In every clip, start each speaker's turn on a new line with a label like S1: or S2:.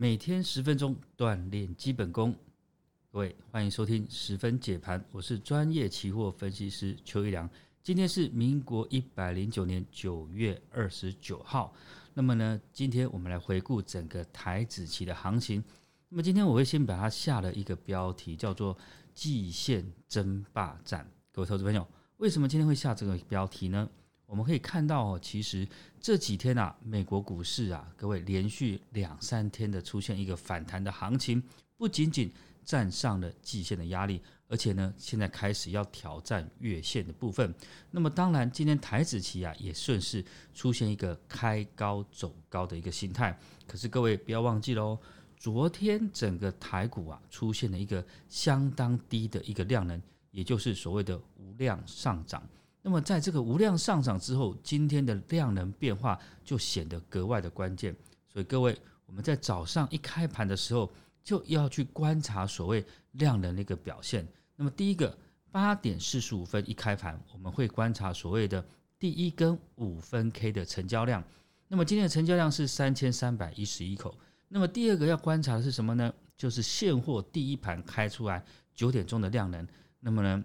S1: 每天十分鐘鍛鍊基本功，各位歡迎收聽十分解盤，我是專業期貨分析師邱一良。今天是民國一百零九年九月二十九號，那麼呢，今天我們來回顧整個台指期的行情。那麼今天我會先把它下了一個標題，叫做“季線爭霸戰”。各位投資朋友，為什麼今天會下這個標題呢？我們可以看到其實這幾天啊，美國股市啊，各位連續兩三天的出現一個反彈的行情，不僅僅站上了季線的壓力，而且呢，現在開始要挑戰月線的部分。那麼，當然今天台指期啊，也順勢出現一個開高走高的一個心態。可是各位不要忘記嘍，昨天整個台股啊，出現了一個相當低的一個量能，也就是所謂的無量上漲。那麼，在這個無量上漲之後，今天的量能變化就顯得格外的關鍵。所以，各位，我們在早上一開盤的時候，就要去觀察所謂量能的一個表現。那麼，第一個，八點四十五分一開盤，我們會觀察所謂的第一根五分 K 的成交量。那麼，今天的成交量是三千三百一十一口。那麼，第二個要觀察的是什麼呢？就是現貨第一盤開出來九點鐘的量能。那麼呢，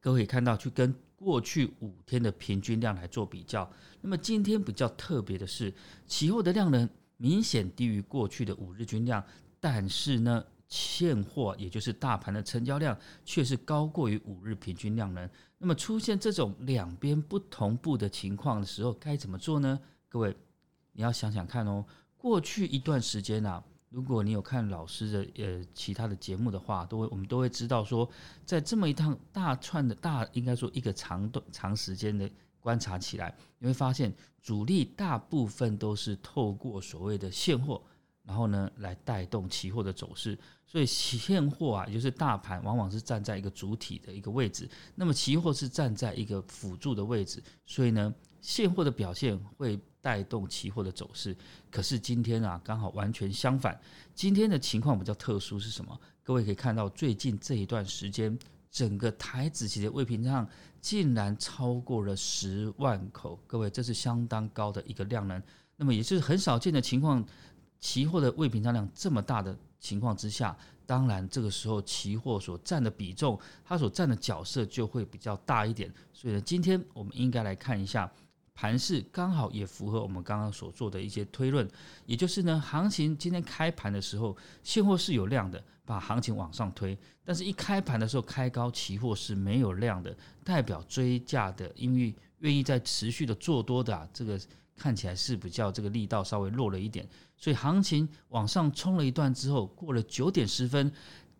S1: 各位可以看到去跟。過去五天的平均量來做比較，那麼今天比較特別的是，期貨的量能明顯低於過去的五日均量，但是呢，現貨也就是大盤的成交量卻是高過於五日平均量能。那麼出現這種兩邊不同步的情況的時候，該怎麼做呢？各位，你要想想看哦，過去一段時間啊。如果你有看老師的呃其他的節目的話，都會我們都會知道說，在這麼一趟大串的大，應該說一個長段長時間的觀察起來，你會發現主力大部分都是透過所謂的現貨，然後呢來帶動期貨的走勢。所以現貨啊，也就是大盤往往是站在一個主體的一個位置，那麽期貨是站在一個輔助的位置，所以呢。現貨的表現會帶動期貨的走勢，可是今天啊，剛好完全相反。今天的情況比較特殊是什麼？各位可以看到，最近這一段時間，整個台指期的未平倉竟然超過了十萬口，各位這是相當高的一個量能。那麼也是很少見的情況，期貨的未平倉量這麼大的情況之下，當然這個時候期貨所占的比重，它所占的角色就會比較大一點。所以呢，今天我們應該來看一下。盤市剛好也符合我們剛剛所做的一些推論，也就是呢，行情今天開盤的時候，現貨是有量的，把行情往上推；但是，一開盤的時候開高，期貨是沒有量的，代表追價的，因為願意再持續的做多的、啊，這個看起來是比較這個力道稍微弱了一點，所以行情往上衝了一段之後，過了九點十分，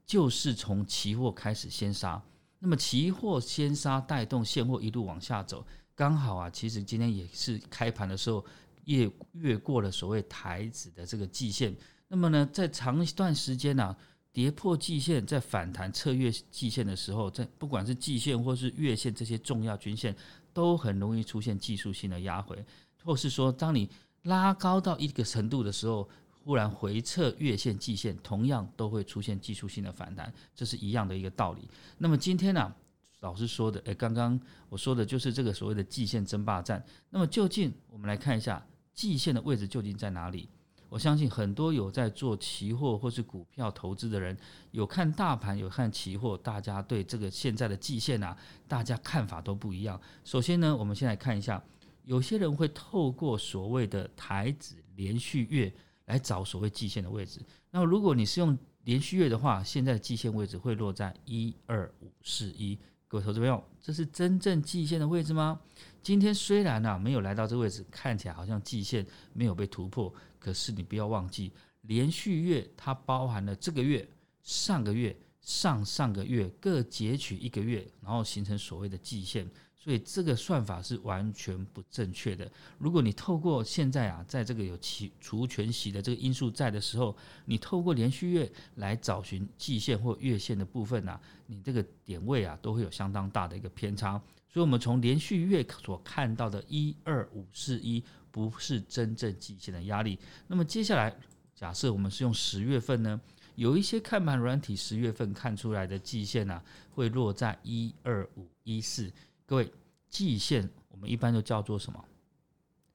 S1: 就是從期貨開始先殺，那麼期貨先殺帶動現貨一路往下走。剛好啊，其實今天也是開盤的時候越越過了所謂台指的這個季線。那麼呢，在長一段時間呢、啊，跌破季線，在反彈測越季線的時候，在不管是季線或是月線，這些重要均線，都很容易出現技術性的壓回，或是說，當你拉高到一個程度的時候，忽然回測月線、季線，同樣都會出現技術性的反彈，這是一樣的一個道理。那麼今天呢、啊？老師說的，誒，剛剛我說的就是這個所謂的季線爭霸戰。那麼究竟我們來看一下季線的位置究竟在哪裡？我相信很多有在做期貨或是股票投資的人，有看大盤，有看期貨，大家對這個現在的季線啊，大家看法都不一樣。首先呢，我們先來看一下，有些人會透過所謂的台指連續月來找所謂季線的位置。那麼如果你是用連續月的話，現在的季線位置會落在一二五四一。各位投資朋友，這是真正季線的位置嗎？今天雖然呢、啊、沒有來到這個位置，看起來好像季線沒有被突破，可是你不要忘記，連續月它包含了這個月、上個月、上上個月各截取一個月，然後形成所謂的季線。所以這個算法是完全不正確的。如果你透過現在啊，在這個有其除除權息的這個因素在的時候，你透過連續月來找尋季線或月線的部分呢、啊，你這個點位啊都會有相當大的一個偏差。所以，我們從連續月所看到的一二五四一不是真正季線的壓力。那麼接下來，假設我們是用十月份呢，有一些看盤軟體十月份看出來的季線呢，會落在一二五一四。各位，季線我們一般都叫做什麼？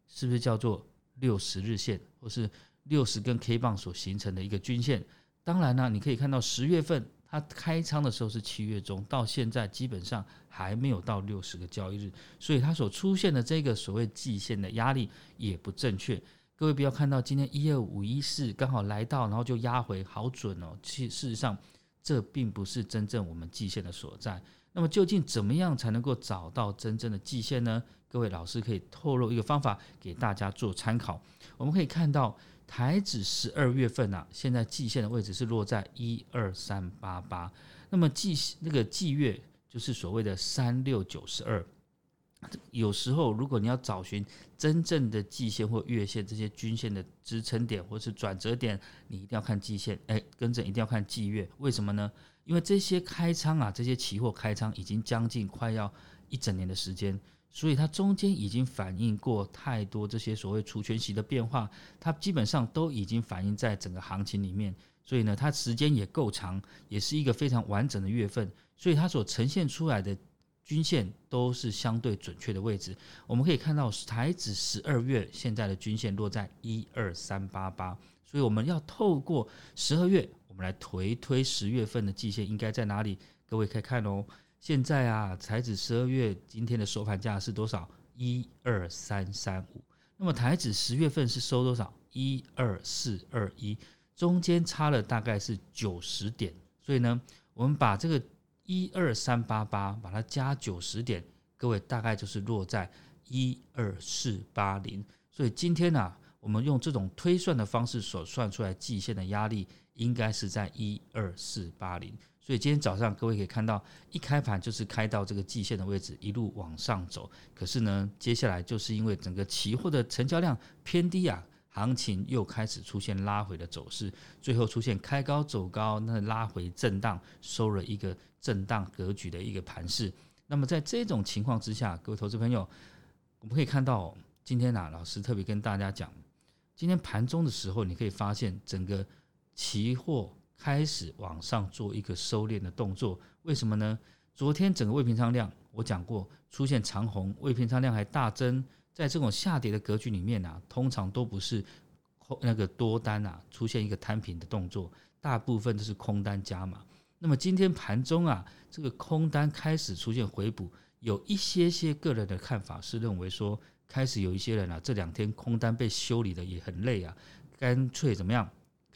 S1: 是不是叫做六十日線，或是六十根 K 棒所形成的一個均線？當然呢，你可以看到十月份它開倉的時候是七月中，到現在基本上還沒有到六十個交易日，所以它所出現的這個所謂季線的壓力也不正確。各位不要看到今天一二五一四剛好來到，然後就壓回，好準哦，其實事實上這並不是真正我們季線的所在。那麼究竟怎麼樣才能夠找到真正的季線呢？各位老師可以透露一個方法給大家做參考。我們可以看到台指十二月份啊，現在季線的位置是落在一二三八八。那麼季，那個季月就是所謂的三六九十二。有時候如果你要找尋真正的季線或月線這些均線的支撐點或是轉折點，你一定要看季線，哎，跟着一定要看季月，為什麼呢？因為這些開倉啊，這些期貨開倉已經將近快要一整年的時間，所以它中間已經反映過太多這些所謂除權息的變化，它基本上都已經反映在整個行情裡面。所以呢，它時間也夠長，也是一個非常完整的月份，所以它所呈現出來的均線都是相對準確的位置。我們可以看到才，台指十二月現在的均線落在一二三八八，所以我們要透過十二月。我們來推推十月份的季線應該在哪裡？各位可以看哦。現在啊，台指十二月今天的收盤價是多少？一二三三五。那麼台指十月份是收多少？一二四二一。中間差了大概是九十點。所以呢，我們把這個一二三八八把它加九十點，各位大概就是落在一二四八零。所以今天啊，我們用這種推算的方式所算出來季線的壓力應該是在12480，所以今天早上各位可以看到，一開盤就是開到這個季線的位置，一路往上走。可是呢，接下來就是因為整個期貨的成交量偏低啊，行情又開始出現拉回的走勢，最後出現開高走高，那拉回震盪，收了一個震盪格局的一個盤勢。那麼在這種情況之下，各位投資朋友，我們可以看到今天呢、啊，老師特別跟大家講，今天盤中的時候，你可以發現整個。期貨開始往上做一個收斂的動作，為什麼呢？昨天整個未平倉量，我講過出現長紅，未平倉量還大增，在這種下跌的格局裡面啊，通常都不是那個多單啊出現一個攤平的動作，大部分都是空單加碼。那麼今天盤中啊，這個空單開始出現回補，有一些些個人的看法是認為說，開始有一些人啊，這兩天空單被修理的也很累啊，乾脆怎麼樣？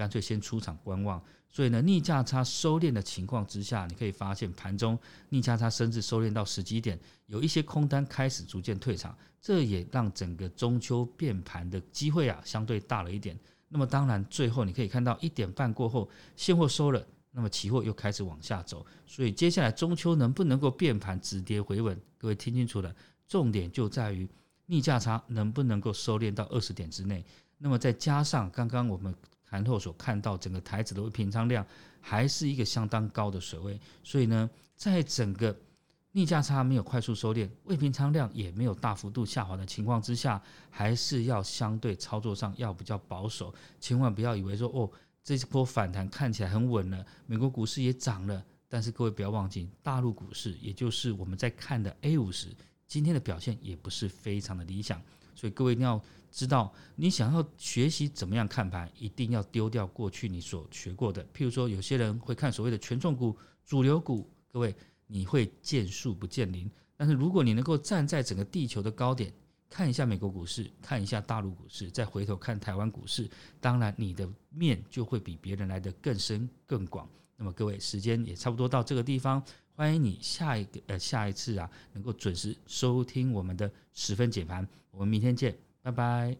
S1: 乾脆先出場觀望，所以呢，逆價差收斂的情況之下，你可以發現盤中逆價差甚至收斂到十幾點，有一些空單開始逐漸退場，這也讓整個中秋變盤的機會啊相對大了一點。那麼當然，最後你可以看到一點半過後，現貨收了，那麼期貨又開始往下走，所以接下來中秋能不能夠變盤止跌回穩？各位聽清楚了，重點就在於逆價差能不能夠收斂到二十點之內。那麼再加上剛剛我們。盤後所看到整個台指的未平倉量，還是一個相當高的水位，所以呢，在整個逆價差沒有快速收斂，未平倉量也沒有大幅度下滑的情況之下，還是要相對操作上要比較保守，千萬不要以為說哦，這波反彈看起來很穩了，美國股市也漲了，但是各位不要忘記，大陸股市也就是我們在看的 A 五十，今天的表現也不是非常的理想，所以各位一定要知道，你想要學習怎麼樣看盤，一定要丟掉過去你所學過的。譬如說，有些人會看所謂的權重股、主流股，各位你會見樹不見林。但是如果你能夠站在整個地球的高點，看一下美國股市，看一下大陸股市，再回頭看台灣股市，當然你的面就會比別人來得更深更廣。那麼各位，時間也差不多到這個地方，歡迎你下一個呃下一次啊，能夠準時收聽我們的十分解盤，我們明天見，拜拜。